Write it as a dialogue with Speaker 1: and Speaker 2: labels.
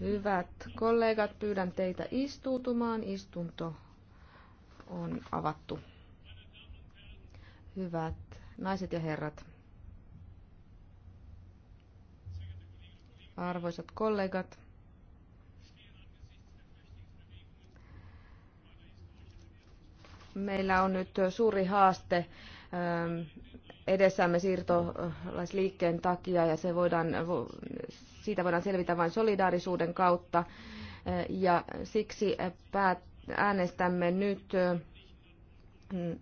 Speaker 1: Hyvät kollegat, pyydän teitä istuutumaan. Istunto
Speaker 2: on avattu.
Speaker 1: Hyvät naiset ja herrat. Arvoisat kollegat. Meillä on nyt suuri haaste ähm, edessämme siirtolaisliikkeen takia ja se voidaan, siitä voidaan selvitä vain solidaarisuuden kautta. Äh, ja siksi äänestämme nyt äh,